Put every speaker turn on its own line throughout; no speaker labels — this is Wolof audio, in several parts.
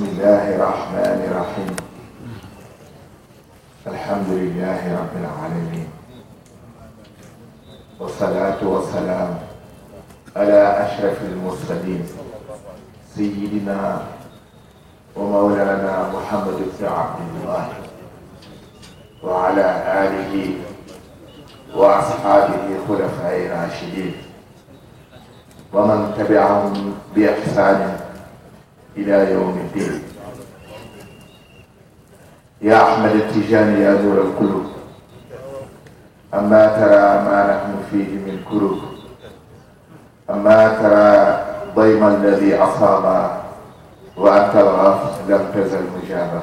بسم الله الرحمن الرحيم الحمد لله رب العالمين والصلاة والسلام على أشرف المرسلين سيدنا ومولانا محمد بن عبد الله وعلى آله وأصحابه خلفاء الراشدين ومن تبعهم بإحسان إلى يوم الدين يا أحمد التيجاني يا نور القلوب أما ترى ما نحن فيه من كروب أما ترى ضيم الذي أصاب وأنت الغف لم تزل مجابا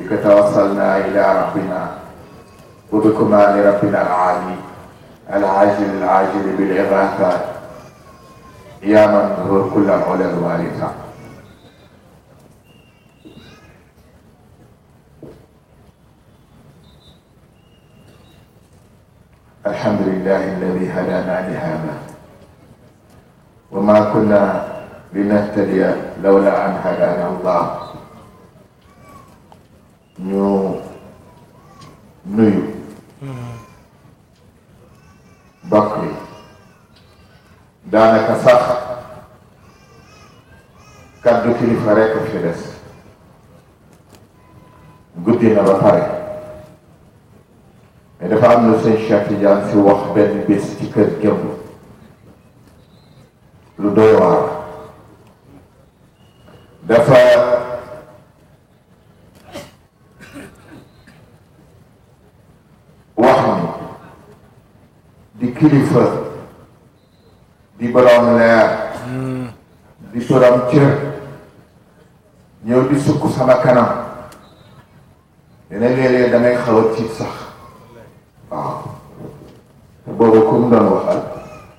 بك توصلنا إلى ربنا وبكما لربنا العالي العاجل العاجل بالإغاثة يا من هو كل العلا الوارثة الحمد لله الذي هدانا لهذا وما كنا لنهتدي لولا أن هدانا الله نو nuyu بكري دانك صح Tijaan si wax benn bés ci kër gëm lu doy waar dafa wax ni di kilifa di borom leer di borom cër ñëw di sukk sama kanam dina léeg-léeg damay xaw sax boobu comme doon waxal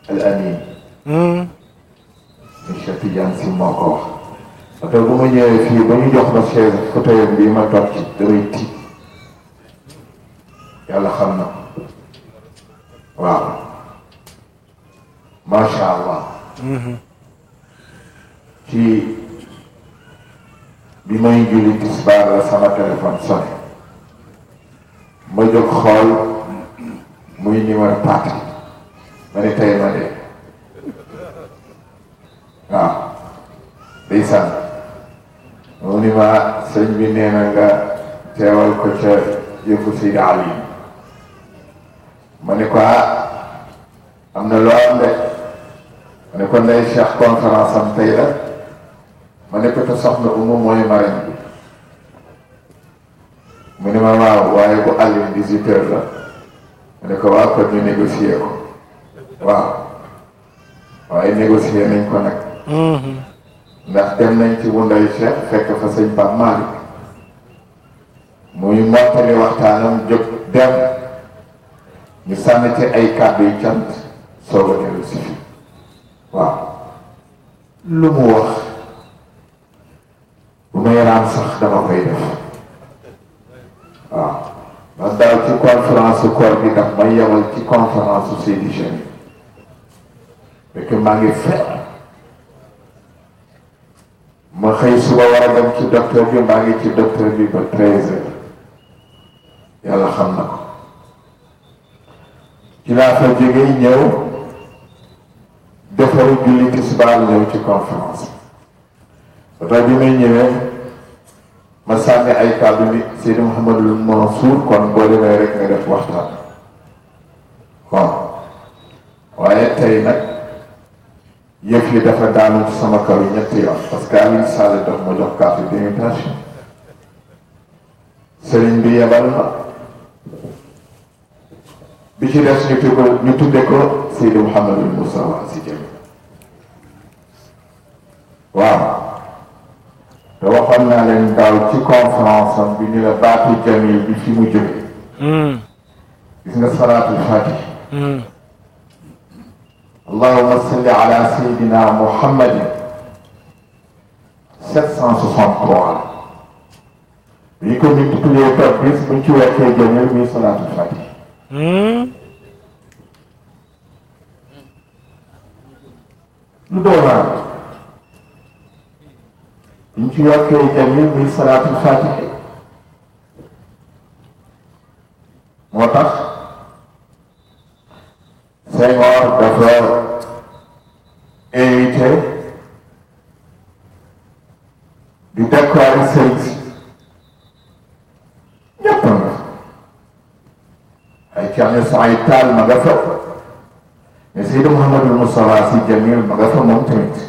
al amin ñu Cheikh Tidiane si moo ko wax parce que bu ma ñëwee fii ba ñu jox ma chaise fauteuil bi ma toog ci damay tiit yàlla xam na waaw macha allah ci bi may julli tisbaar la sama téléphone sonné ma jóg xool muy ni war paaka ma ne tey ma dee mu ni ma sëñ bi nee na nga teewal ko ca yëfu si daal am na loo am de ma ne ko ndey am tey la ma ne ko te Umu mooy marraine mu ne ma waaw waaye bu àll bi la ne ko waa kon ñu négocier ko waaw waaye négocier nañ ko nag mhm. ndax dem nañ ci bu nday Cheikh fekk fa sëñ Pape Malick muy dem ñu sànni ci ay kàddu yu cant soog a dellu si bu may sax dama koy def man daal ci conférence koor bi daf may yewal ci conférence Seydi Cheikh fekk maa ngi feebar ma xëy suba war a dem ci docteur bi maa ngi ci docteur bi ba treize heures yàlla xam na ko ci laa fa jógee ñëw defaru julli tisbaar ñëw ci conférence bi bi may ñëwee ma sànni ay kàddu ni Seydi Mouhamadul kon boo demee rek nga waxtaan waaw waaye tey nag yëf yi dafa daanu sama kaw yi ñetti yoon parce que daf ma jox carte d'invitation sëriñ bi yebal bi ci des ñu tudd ko ñu tudde ko Seydi Mouhamadul si jëm waaw te waxoon naa leen daaw ci conférence am bi ni la baatu jamil bi fi mu jóge hmm. gis nga salaatul fatih hmm. allahuma salli ala sayidina muhammadin sept cent soixante trois bi ñu ko multiplier par dix buñ ci wekkee jamil muy salaatul fatih hmm. lu doon ñu ci yokkee itamit muy salaatul faatiha dafa invité di déclaré sëriñ si ñëpp ay ma nga fa mais Jamil ma nga fa moom tamit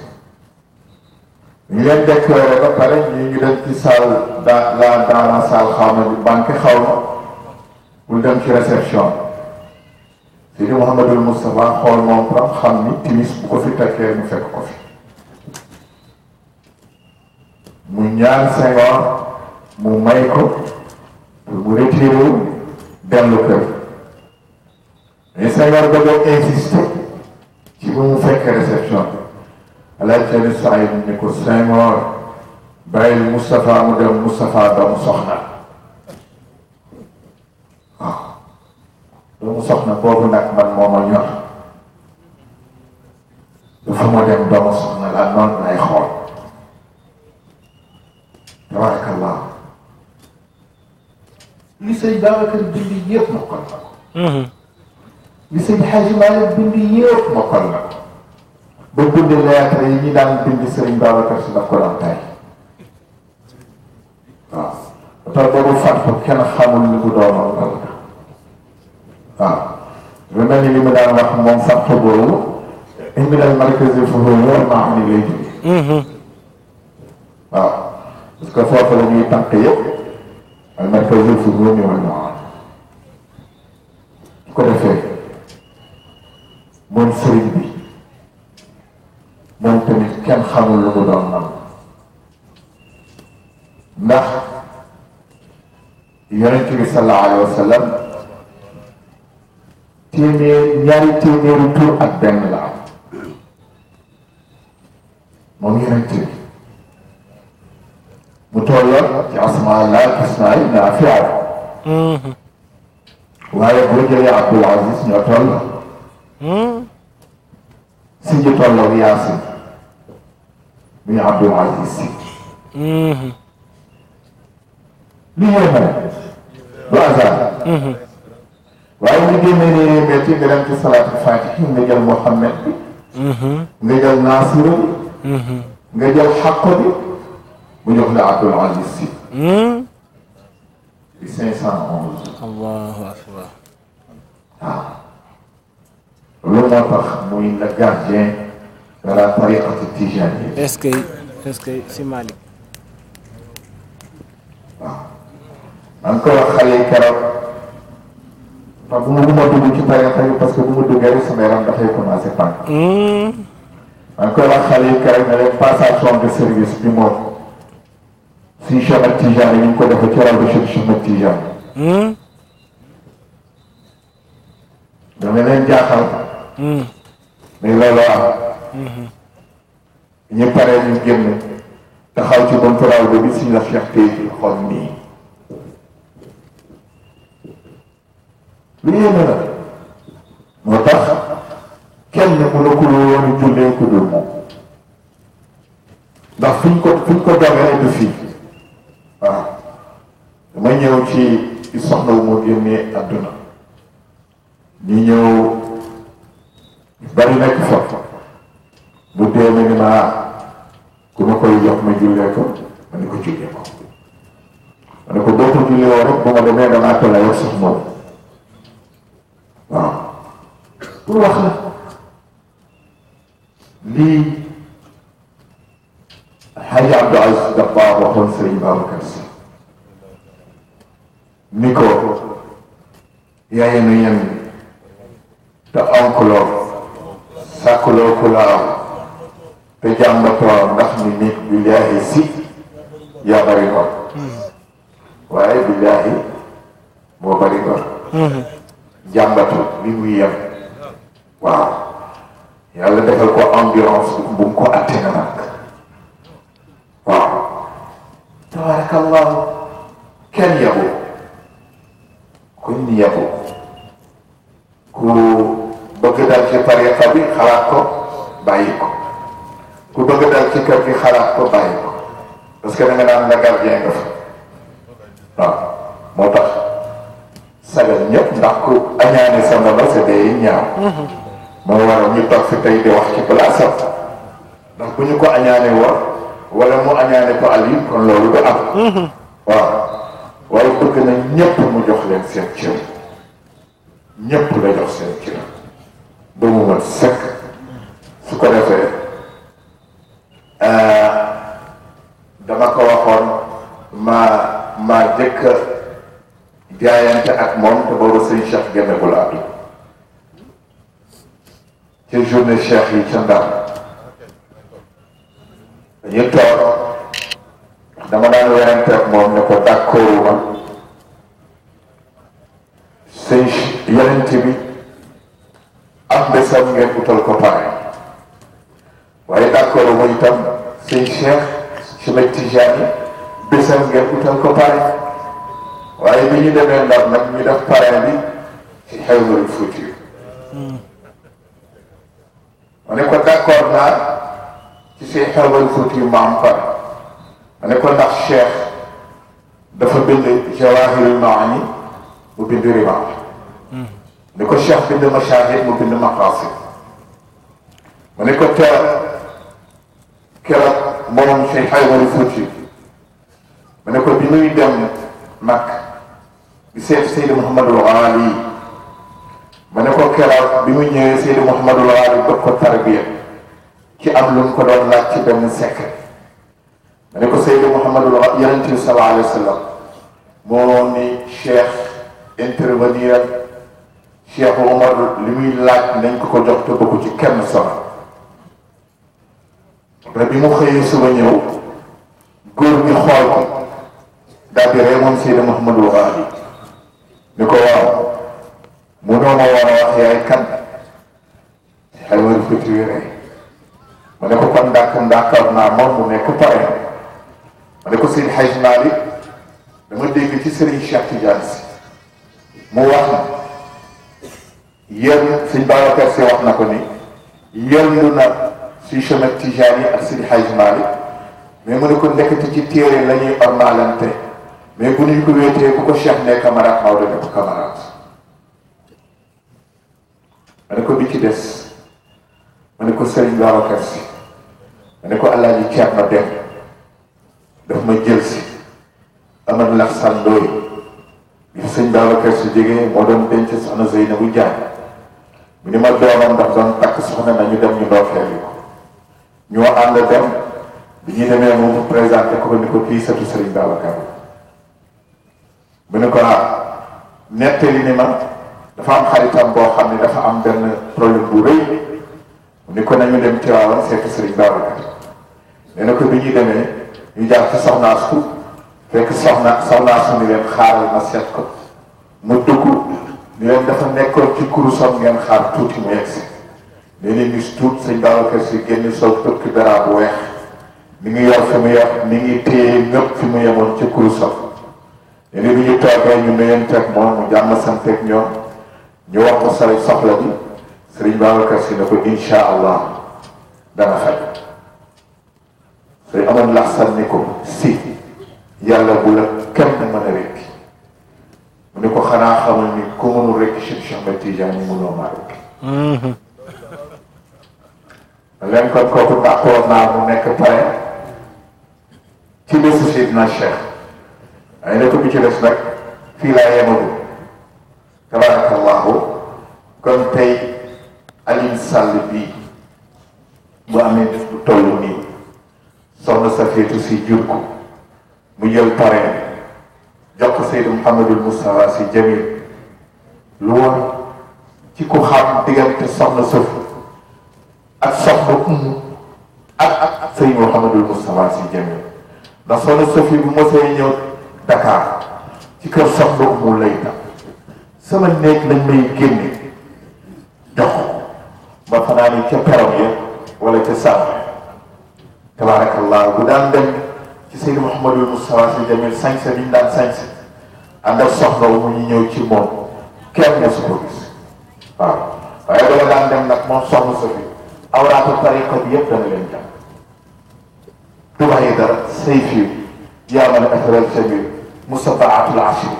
ngeen déclaré ba pare ñu ngi dem ci salle da la daana salle xaw ma bi banque xaw ma mu dem ci réception Seydi Mouhamadul Moustapha xool moom tam xam ni timis bu ko fi takkee mu fekk ko fi mu ñaan Senghor mu may ko mu retiré dellu kër mais Senghor da doon insister ci bu mu fekk réception alaajteeni Saïd ni ko Senghor bàyyil Moustapha mu dem Moustapha doomu soxna waaw doomu soxna boobu nag man moo ma ñor dafa moo dem doomu soxna la noonu lay xool tabarakallah li sëñ Babacar bind yëpp mokkal na ko li sëñ Xaaji Maalik bind yëpp mokkal na ko ba bind lettre yi ñu daan bind Serigne Babacar ko daan tay waaw te boobu fàttu kenn xamul li mu doonoon lan la waaw lu mel ni li mu daan wax moom fàttu boobu indi dal markaz yi foofu lool maa xam ne lay jóge waaw parce que foofu al markaz yi foofu ñu wal maa ko defee moom Serigne bi moom tamit kenn xamul lu mu doon nam ndax yonent bi sallallahu alayhi wa sallam téeméer ñaari téeméeri tur ak benn la am moom yonent bi mu tolloon ci asmaa Allah asmaa yi naafiya waaye boo jëlee Abdul Aziz ñoo toll si ni Abdul Aziz li yéeme du hasard waaye ñu génnee ni métti nga dem ci salaatul faatihi nga jël Muhammad bi mhm. nga jël Naasiru bi mhm. nga jël xàqo bi mu jox la Abdul Aziz Si mhm. di cinq cent onze allahu akbar waaw ah. loolu moo tax muy le gardien wala tariqati tijaani est-ce que si Malick waaw maa xale yi keroog ndax bu ma bu ma dugg ci tariqa bi parce que bu ma duggee rek sama yaram dafay commencé tànk maa ngi koy wax xale yi keroog ne leen passation de service bi moom suñu Cheikh Ahmed Tidiane ñu ngi ko defee ci rajo Cheikh Ahmed Tidiane hmm. dama leen jaaxal hmm. mais looloo am ñu uhum. paree ñu génn taxaw ci bon toraaw ba bi suñu la Cheikh Pay ci xool nii lu yéeme la moo tax kenn mënu ko woon jullee ku dul moom da fuñ ko fuñ ko dogee du fii waaw dama ñëw ci soxna wu moo génnee àdduna ñëw bari nekk fa bu dee ma ni ma ku ma koy jox ma jullee ko ma ni ko jullee ko ma ne ko boo ko jullee woon rek ba ma demee dama àttala yow sax moom waaw pour wax la lii Xaji Abdou Aziz Dabakh waxoon Sëriñ Babacar Si ni ko yaay nu yem te onkuloo sàkkuloo ku laaw te jàmbatoo ndax ni nit billaahi si yaa bari noon waaye billaahi moo bari ko jàmbatu li muy yem waaw yàlla defal ko ambiance bu ko atte na nag waaw tabarakallahu kenn yabu kuñ yabu ku bëgg dal ci pare xabi xalaat ko bàyyi ko ku bëgg dal ci kër gi xalaat ko bàyyi parce que da nga naan la gardien fa moo tax sagal ñëpp ndax ku añaane sa ndono sa ñaaw moo waral ñu toog fi tey di wax ci place am ndax bu ñu ko añaane woon wala mu añaane ko ali kon loolu du am waaye bëgg na ñëpp mu jox leen seen cër ñëpp la jox seen cër ba mu mën sëkk su ko defee Euh, dama ko waxoon ma ma jaayante ak moom te boobu sëñ Cheikh génnagul àdduna ci journée Cheikh yi ca Ndar dañuy dama daan werante ak moom ne ko d'accord ma sëñ yenente bi am bésam ngeen utal ko pare waaye d' accord mooy itam sëñ Cheikh Cheikh Tijani bésam ngeen utal ko pare waaye bi ñu demee Ndar nag ñu def pare bi ci xewlul Fuuti ma ne ko d' accord naa ci say xewlul Fuuti ma am pare ma ne ko ndax Cheikh dafa bind Jawahirul Maani mu bind Rimaa ni ko Cheikh bind Mashahid mu bind Maqasid ma ne ko teel. keroog moom Cheikh Aymar Fouti ma ne ko bi muy dem mag di seet Seydou Mouhamadul Ali ma ne ko keroog bi mu ñëwee Seydou Mouhamadul Ali dog ko tarbiya ci am lu mu ko doon laaj ci benn sekk ma ne ko Seydou Mouhamadul Yonent bi sallallahu alayhi wa sallam moo ni Cheikh intervenir Cheikh Omar li muy laaj nañ ko ko jox te bëgg ci kenn sonal. ba bi mu xëyee suba ñëw góor gi xool ko daal di rey moom Seydi Mouhamadou Wahabi ni ko waaw mu noo war a wax yaay kan xëy war fëtiwi rey mu ne kon ndàkkam ndàkkal naa moom mu nekk pare mu ne ko Seydi Hadj Malick dama dégg ci Serigne Cheikh Tidiane si mu wax na yéen Sëñ si wax na ko ni yéen si Cheikh Tijaani ak Sidi Hadj Malick mais mu ne ko ndekete ci téere lañuy ñuy ormalante mais bu ñu ko wéetee bu ko Cheikh ne camarade Maodo ne ko camarade ma ne ko bi ci des ma ne ko Serigne Babacar ma ne ko Alaaji Ceerno Dem daf ma jël si aman lax sandooy bi sëñ Babacar Sy moo doon denc soxna Zeynabu Jaañ mu ni ma doomam ndax doon takk soxna nañu dem ñu ndoofeel yi ñoo ànd dem bi ñuy demee moom présenté ko ni ko kii sëtu Serigne Babacar bu ne ko ah nettali ni ma dafa am xaritam boo xam ne dafa am benn problème bu rëy ni ko nañu dem Tiwaawan seetu Serigne Babacar nee na ko bi ñuy demee ñu jaar ci soxnaa fekk soxna soxnaa ni leen xaaral ma seet ko mu dugg ni leen dafa nekkoon ci kurusam ngeen xaar tuuti mu yegg si léeg-léeg gis tuut sëñ Babacar si génn sol tukki dara bu weex mi ngi yor fi mu yor mi ngi téye ñëpp fi mu yemoon ci kurusam léeg-léeg bi ñu toogee ñu nuyanteeg moom mu jàmm santeeg ñoom ñu wax ko sari soxla bi sëriñ Babacar si ne ko incha allah dana faj sëriñ amoon laxsan ni ko si yàlla bu la kenn mën a rekki mu ne ko xanaa xamal ni ku mënul rekki Cheikh Ahmed Tidiane mënoo maa rekki leen kon kooku d'accord naa mu nekk pare ci bésu Sidna Cheikh ay na ko bi ci des nag fii laa yemagul tabarakallahu kon tey Alioune Sall bii bu amee bis bu toll nii soxna si jur ko mu jël pare jox ko Seydou Mouhamadul Moustapha si Jamil lu woon ci ku xam diggante soxna Safiyatu ak Bamba ak ak sëñ Mouhamadul Moustapha si jëmm ndax soxna Sophie bu mosee ñëw Dakar ci kër soxna Umu lay tax sama néeg lañ may génne dox ba fanaan ca perom ya wala ca sàmm tabaarakallah bu daan dem ci sëñ Mouhamadul Moustapha si jëmm sañse bi ñu daan sañse ànd ak soxna Umu ñu ñëw ci moom kenn su ko gis waaw waaye dama daan dem nag moom soxna Sophie awraatu tariqa bi yëpp dana leen jàpp du bàyyi dara sayf yu yaamal afral sabil musabaatul ashir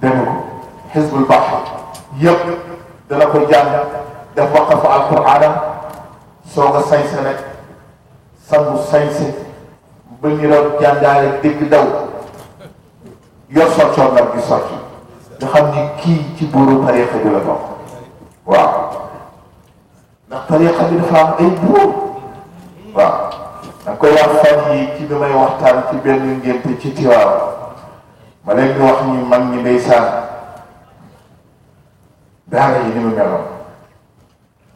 dana ko xisbul baxr yëpp dana ko jàng def waqafa alquraan soog a sañse nag sangu sañse ba ñu doon jàngaale dégg daw yor soccoon nag gi socc nga xam ni kii ci buuru tariqa bi la bokk tariqa bi dafa ay buur waaw da koy wax fan yi ci bi may waxtaan ci benn ngénte ci tiwaaw ma leen di wax ñi mag ñi ndeysaan daara yi ni mu meloon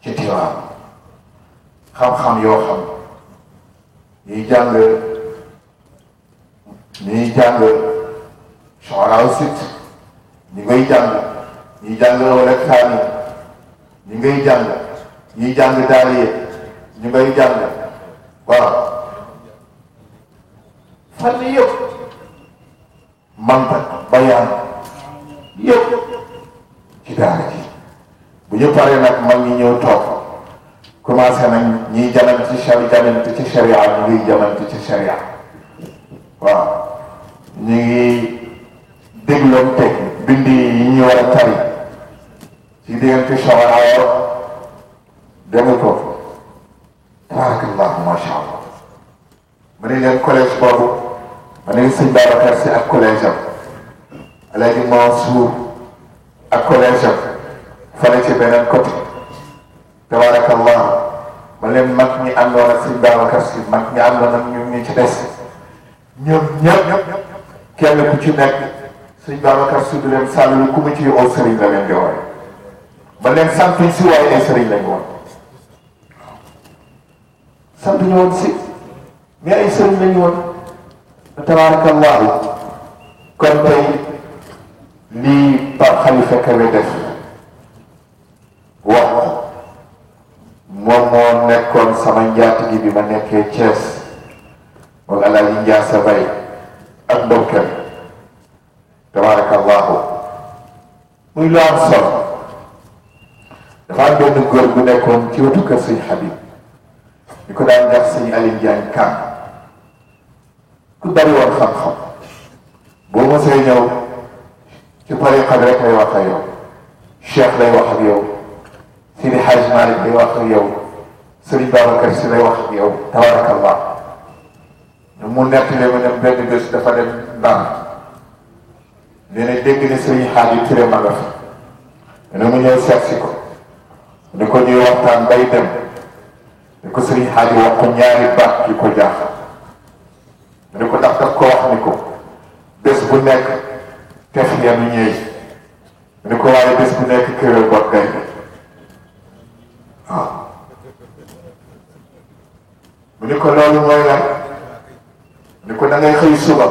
ci tiwaaw xam-xam yoo xam ñuy jàng ñuy jàng soxlaaw sit ñi ngay jàng ñuy jàng wala kaani ñi ngay jàng ñuy jàng daal yi ñu ngay jàng waaw fànn yëpp mantak bayaan yëpp ci daara ji bu ñu paree nag mag ñi ñëw toog commencé nañ ñiy jamant ci chari jamant ci sharia ñu ngiy jamant ci sharia waaw ñu ngi dégloon teg bindi yi ñu war a tari ci diggante soxla doomu toog tabarakallahu macha allah ma ne leen collège boobu ma ne sëñ Babacar si ak collège am Alaaji Mansour ak collège am fale ci beneen côté tabarakallahu ma leen mag ñi àndoon ak sëñ Babacar si mag ñi àndoon ak ñun ñu ci des ñoom ñëpp ku ci nekk sëñ Babacar si du leen sàll ku mu ci oo sëriñ la leen di wooye ma leen sant si waaye ay sëriñ lañ woon sant ñu si mais ay sëriñ lañu woon tabaarakallaahu lii par xalifa kawe def wax moom moo nekkoon sama njaatigi bi ma nekkee Thiès moom alaaji njaa sa ak ndokkel tabaarakallaahu muy lu am solo dafa am benn góor bu nekkoon ci wetu kër suñ Habib ku daan def sëñ Aliou ku bari woon xam-xam boo mosee ñëw ci tariqa bi rek wax ak yow cheikh lay wax ak yow Sidi Hadj Malick lay wax ak yow Sëriñ Babacar Si lay wax ak yow tabarakallah mu nettali ma ne benn bés dafa dem ndànk nee na dégg ne sëriñ xaaj yi ma nga fa ne mu ñëw seet si ko ni ko ñuy waxtaan bay dem niko ko sëriñ xaaji wax ko ñaari baat yu ko jaaxal mu ko ndax daf ko wax ah. ni ko bés bu nekk tef yenu ñëy mu ne ko waaye bés bu nekk këral bot gay waaw mu ko loolu mooy lan ni ko da ngay xëy suba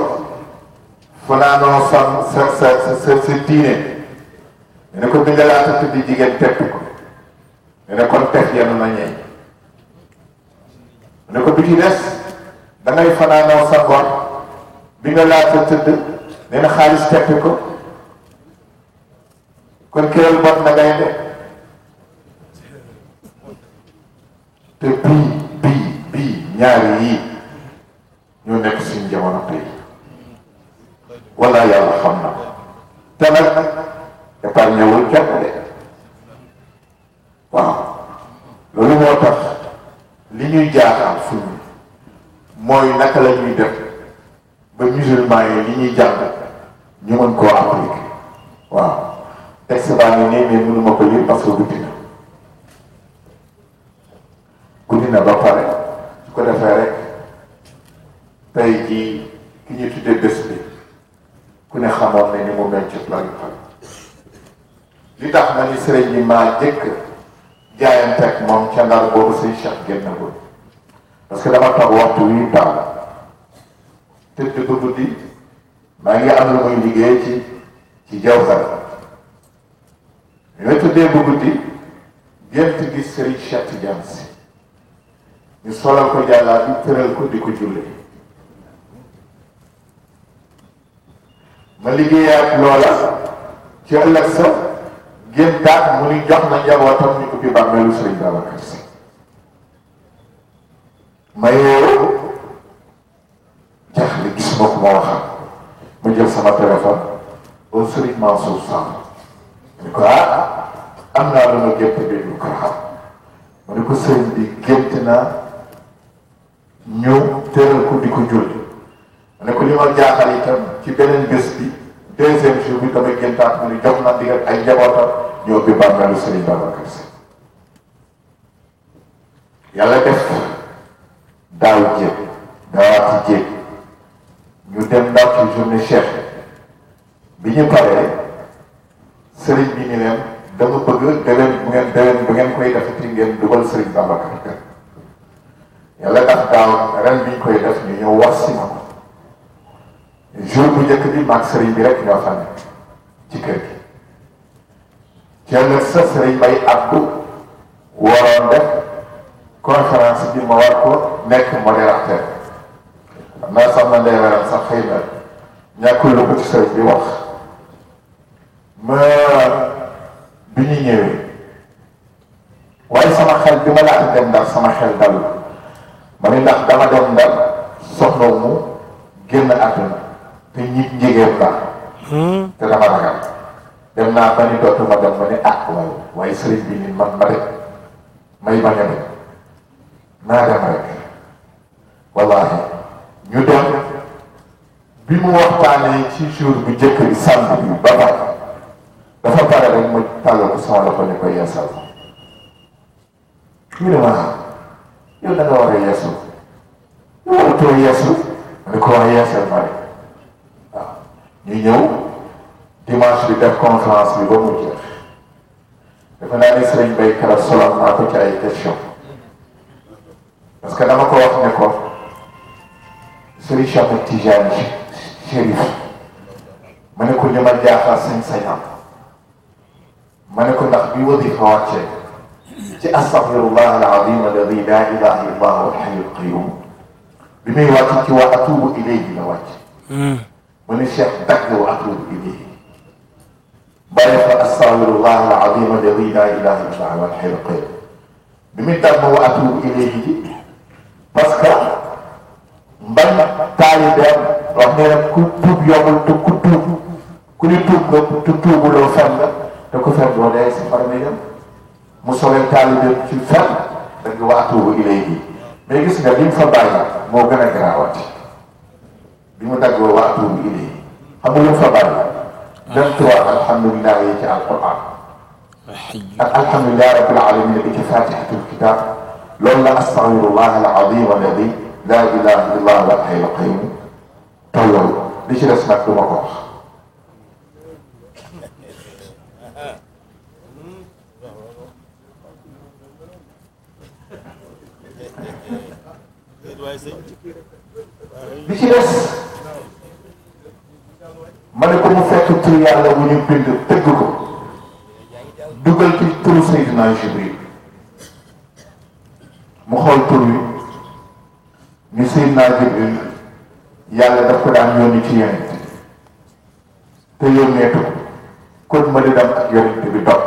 fanaanoo sam sa sa sa sa diine mu ne ko bi nga laata tudd jigéen tepp ko mu ne kon tef yenu na ne ko bi des da fanaanoo sa bor bi nga laata tëdd nee na xaalis teppi ko kon këral bon na ngay de te bii bii bii ñaari yii ñu nekk suñu jamono tey wala yàlla xam na te nag épargne wul kenn de ñuy jaakaar suñu mooy naka la ñuy def ba musulman yi li ñuy ñu mën koo appliquer waaw texte baa ngi nii mais ko lire parce que guddi na guddi na ba pare su ko defee rek tey jii ki ñu tuddee bés bi ku ne xamoon ne ni mu mel ci plan li tax ma ni sëriñ bi maa jëkk jaayante ak moom ca ndar boobu suñu Cheikh génn parce que dama toog waxtu wi taw tëdd ba guddi maa ngi am lu muy liggéey ci ci jawsar ñu ne tëddee ba guddi gént gis Serigne Cheikh Tidiane Sy ñu solal ko jàllaa bi tëral ko di ko julle ma liggéeyaat loola ci ëllëg sa géntaat mu ni jox na njabootam ñu ubbi bàmmeelu Serigne Babacar Sy ma yeewu jaaxle gis mbokk ma waxam ma jël sama téléphone au Serigne Mansour Samb mu ne ko ah am naa lu ma gént bi ñu ko xam mu ne ko sëriñ bi gént naa ñu teral ko di ko julli mu ne ko li ma jaaxal itam ci beneen bés bi deuxième jour bi damay géntaat mu ne jox na digal ay njabootam ñoo bi bàmmeelu Serigne Babacar Sy yàlla def daaw jéeg daawaati jéeg ñu dem ndaw ci journée chef bi ñu paree sëriñ bi ni leen dama bëgg déwén bu ngeen koy defati ngeen dugal sëriñ Babacar Kane yàlla tax daaw ren bi koy def ñu ñëw si ma ko jour bu njëkk bi sëriñ bi rek ñoo fa ci kër gi sa sëriñ bay abdu waroon def conférence bi ma war ko nekk modérateur am naa sàmm lay waral sax xëy na ñàkkul lu ko ci sëriñ bi wax ma bi ñu ñëwee waaye sama xel bi ma laata dem ndar sama xel dal ma ni ndax dama dem ndar soxna mu génn àdduna te ñi njigéen la te dama ragal dem naa ba ni dootuma dem ba ni àq waaye waaye sëriñ bi ni man ma rek may bañ a dem dem rek wallaahi ñu dem bi mu waxtaanee ci jour bu njëkk bi sàmm bi ba pare dafa pare rek mu tàllal ko sama loxo ne ko yeesal ñu ne ma yow da nga war a yeesu yow warutoo yeesu ni ko wax yeesal ma rek waaw ñu ñëw dimanche bi def conférence bi ba mu jeex dafa naa ne sëriñ Bay Kara solal naa ko ci ay parce que dama ko wax ne ko sëriñ Cheikh Tidiane Chérif ma ne ko li ma jaaxal sañ-sañam ma ne ko ndax bi wadifa wàccee ci astaghfirullah al-azim alladi la ilaha illa allah wal hayy al qayyum bi muy wàcc ci waa atubu ilayhi la wàcc ma ne Cheikh dagg wa atubu ilayhi bàyyi fa astaghfirullah al-azim alladi la ilaha illa allah wal hayy al qayyum bi muy tàmm wa atubu ilayhi parce que taalibeem wax nee na ku tuub yombul tu ku tuub ku ni tuub nga tu tuubuloo fen nga te ku fen boo dee si xar mi mu sowee taalibeem ci fen dañu waa tuubu ilay gi mais gis nga lim fa bàyyi moo gën a garaawati bi mu daggoo waa tuubu ilay xam nga lim fa bàyyi dem trois alhamdulilah yi ci alquran ak alhamdulilah rabbil alamin bi ci fatihatul kitab loolu la astaghfirullah al azim alladi laa ilaaha illallaah wal hayyul qayyuum tolloo li ci des nag du ma ko wax. li ci des ma ne ko mu fekk tur yàlla bu ñu bind tëgg ko dugal ci turu Seydina Jibril mu xool tur wi. ñu Seydina Jibril yàlla daf ko daan yónni ci yéen te yónneetu kon ma di dem ak yonent bi dox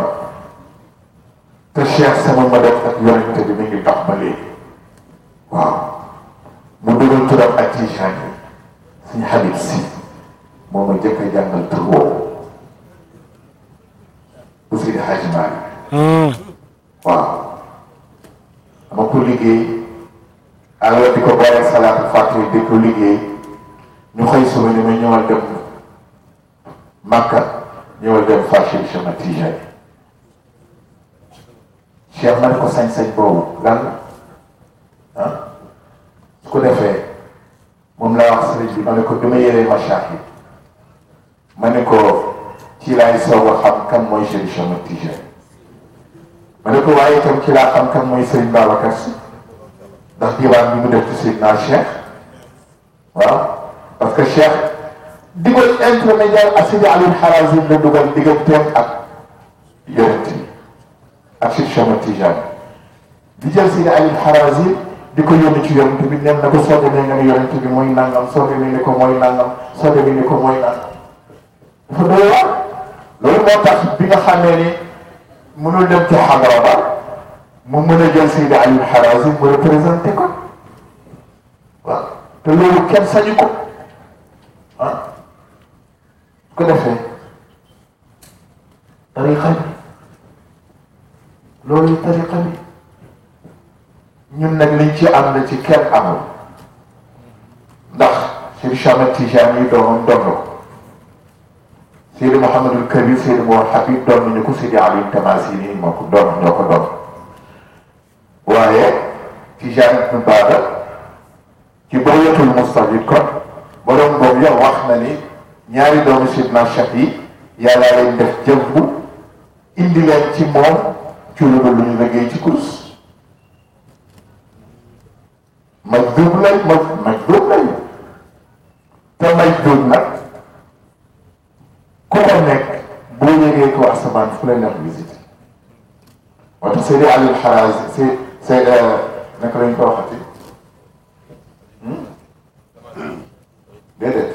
te Cheikh sama ma def ak yonent bi mi ngi dox waaw mu dugal turam ak Tijaan yi suñu xarit si moo ma jëkk a jàngal tur woowu bu Seydi Hajji Maalik ah. waaw dama ko liggéey alors di ko booleeg salaatu fàttali di ko liggéey ñu xëy suba ni ma ñëwal dem Makka ñëwal dem fàcceel Cheikh Ahmad Tijaan Cheikh man ko sañ-sañ boobu lan la ah su ko defee moom laa wax sëriñ bi ma ne ko dama yëree machaak yi ma ne ko ci laay soog a xam kan mooy Cheikh Ahmad Tijaan ma ne ko waaye itam ci laa xam kan mooy Sëriñ Babacar Si ndax diwaan mu def ci Seydina Cheikh waaw parce que Cheikh digal intermédiaire ak Sidi Ali Harazim la dugal digganteem ak yonent ak Cheikh Chama Tijaan di jël Sidi Ali Harazim di ko yónni ci yonent bi nem na ko soo demee nga ne bi mooy nangam soo demee ko mooy nangam soo demee ko mooy nangam dafa doy waar moo tax bi nga xamee ni mënul ci xadara ba mu mën a jël Seydi Aliou Harazim mu représenté ko waaw te loolu kenn sañu ko ah su ko defee tariqa bi loolu tariqa bi ñun nag liñ ci am na ci kenn amul ndax Seydi Chamat Tijaan yi doomam doon ko Seydi Mouhamadul Kabir Seydi Mor Habib doon nañu ko Seydi Aliou Tamasini moo ko doon ñoo ko doon waaye ci Jeanne Mbaada ci booyatul borom boobu yow wax na ni ñaari doomu sidna Cheikh yi yàllaa leen def jëmbu indi leen ci moom ci lu lu ñu liggéey ci course ku ko nekk boo yëgee ko asamaan fu wata Seydi Aliou Se naka lañ ko waxati déedéet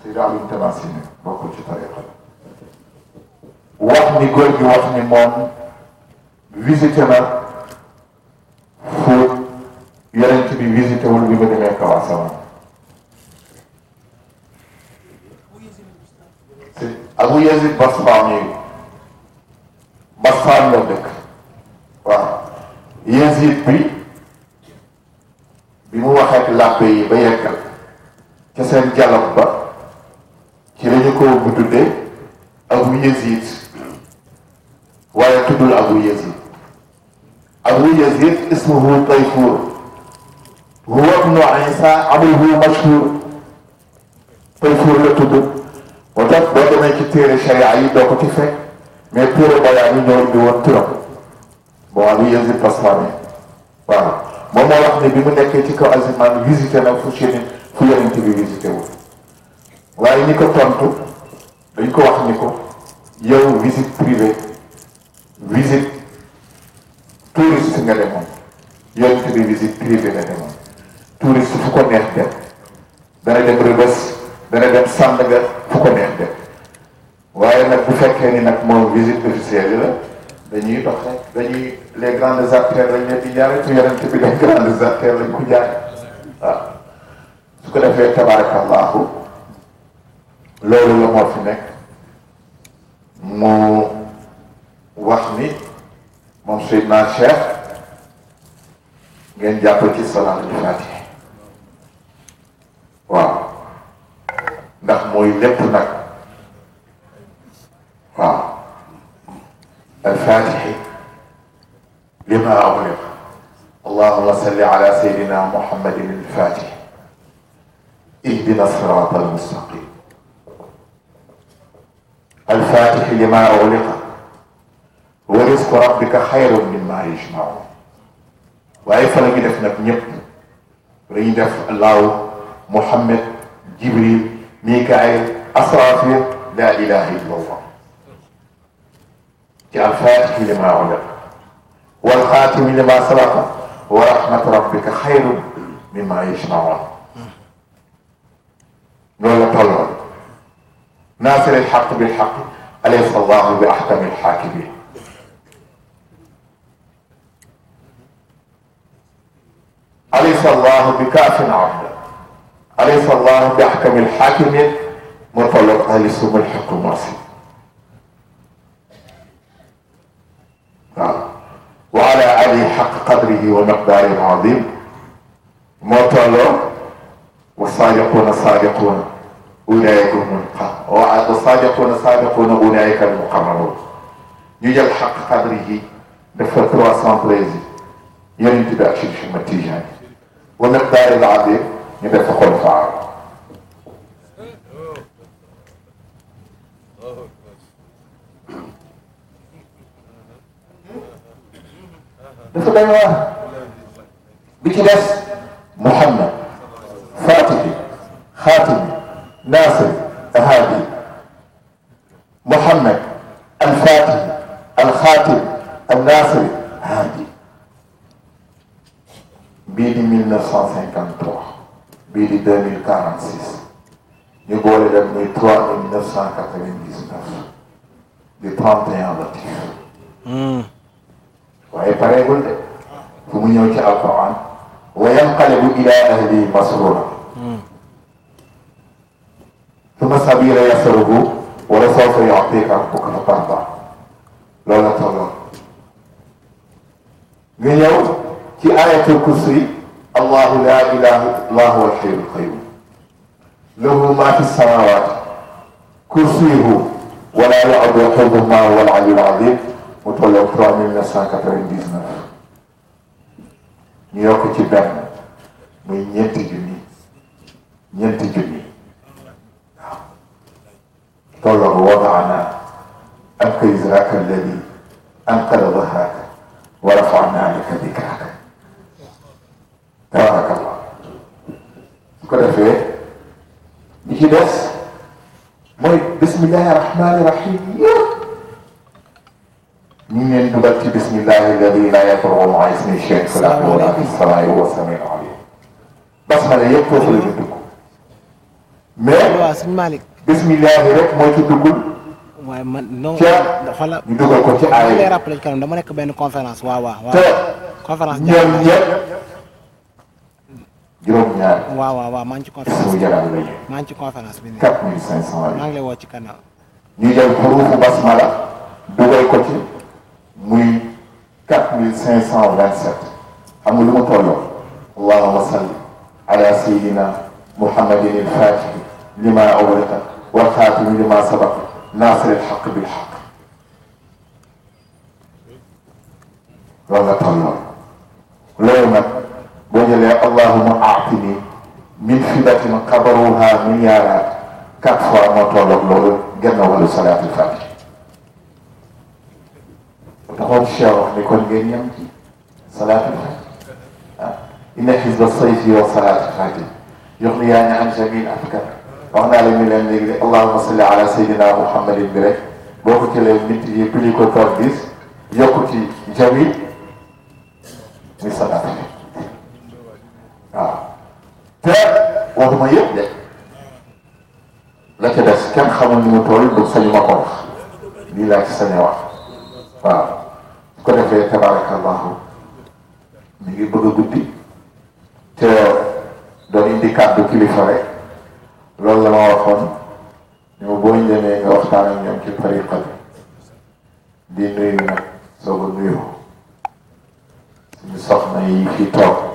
si daal luñ tabaas yi ne bokkul ci tariqa la wax ni góor gi wax ni moom visité na fu yonent bi visité wul bi nga demee Kawasawa si Abu Yazid Yazid mu waxee ak làbbe yi ba yeggal ca seen jalab ba ci lañu ko bu Abu Yazid waaye tuddul Abu Yazid Abu Yazid ismuhu Tayfur huwa ibnu Isa amuhu mashhur Tayfur la tudd moo tax boo demee ci téere sharia yi doo ko ci fekk mais téere bayaan yi ñoo indi woon turam waaw moom a wax ne bi mu nekkee ci kaw asamaan visité na fu seen fu yonent bi visité wu waaye ñi ko tontu dañ ko wax ni ko yow visite privée visite touriste nga demoon yonent bi visite privée nga demoon touriste fu ko neex dem dana dem Rebeuss dana dem Sandaga fu ko neex dem waaye nag bu fekkee ni nag moom visite officielle la dañuy dox rek dañuy les grandes affaires lañ leen di jaare ci yonent bi les grandes artères lañ ko jaare waaw su ko defee tabarakallahu loolu la moo fi nekk mu wax ni moom Seydina Cheikh ngeen jàpp ci salaatul faatiha waaw ndax mooy lépp nag الفاتح لما أغلق اللهم صل على سيدنا محمد الفاتح اهدنا الصراط المستقيم الفاتح لما أغلق ورزق ربك خير مما يجمعون وعيفا fa la ñu def nag ñëpp dañuy def allahu muhammad jibril mikaayil كالفاتح لما علق والخاتم لما سبق ورحمة ربك خير مما يجمعون نولا طلعون ناصر الحق بالحق أليس الله بأحكم الحاكمين أليس الله بكاف عبدا أليس الله بأحكم الحاكمين مطلق أليس السم الحكم واصل ومقدارهم عظيم موتى الله والصادقون الصادقون أولئك هم القاء الصادقون الصادقون أولئك المقربون نجل حق قدره دفتر 313 يلي تبع شيخ محمد ومقدار العظيم يدفع خلفاء دفتر 313 بكي محمد فاتح خاتم ناصر هادي محمد الفاتح الخاتم الناصر هادي بيدي 1953 بيدي 2046 يقول لك من 1999 دي 31 لطيف واي باري قلت فمن يوجد القرآن وينقلب إلى أهله مسرورا ثم السبيل يسره ولسوف يعطيك ربك فترضى لولا تظن من يوم في آية الكرسي الله لا إله إلا هو الحي القيوم له ما في السماوات كرسيه ولا يعد يقول ما هو العلي العظيم وتولى أخرى من الساكة ñu yokk ci benn muy ñeenti junni ñeenti junni waaw tolloog wadaana ak israaka alladi anqada dahraaka wa rafana laka dikraaka tabarakallah su ko defee li ci des mooy bismillahi rahmani rahim yëpp لله الذي لا يضر مع اسمه شيء في الارض mooy ci duggul. waaye man non xoolal nekk benn conférence waaw waaw waaw. conférence ñoom ñëpp maa ngi ci conférence bi maa ngi ci bi. 4500 maa woo ci kanam. ñu jël xuruufu basmala dugal ko 1527 amul lu ma tolloo allahuma salli ala sayidina muhammadin ilfatixi lima awlaka walxaatimi lima sabaq nasir ilxaq bilxaq loolu nga tolloo loolu nag boo jëlee allahuma aatini min fidatin qabaruha min yaara quatre fois moo tolloog loolu genn wàllu salaatul fatix تاخذ الشاور لكونجينيوم صلاة الحج إن حزب الصيف وصلاة الحج يغنيان يعني عن جميع أفكار وأنا لم يلم اللهم صل على سيدنا محمد برك بوكو كلي نتي بلي كو ترديس يوكوتي جميل ni salaat waaw te waxuma yëpp de la ca des kenn xamul ni mu toll du sañu ma su ko defee tabarakallahu mi ngi bëgg a guddi te doon indi kàddu kilifa rek loolu la waxoon ñoo boo ñu nga waxtaan ak ñoom ci tariqa bi di nuyu nag soo ko nuyu suñu soxna yi fi toog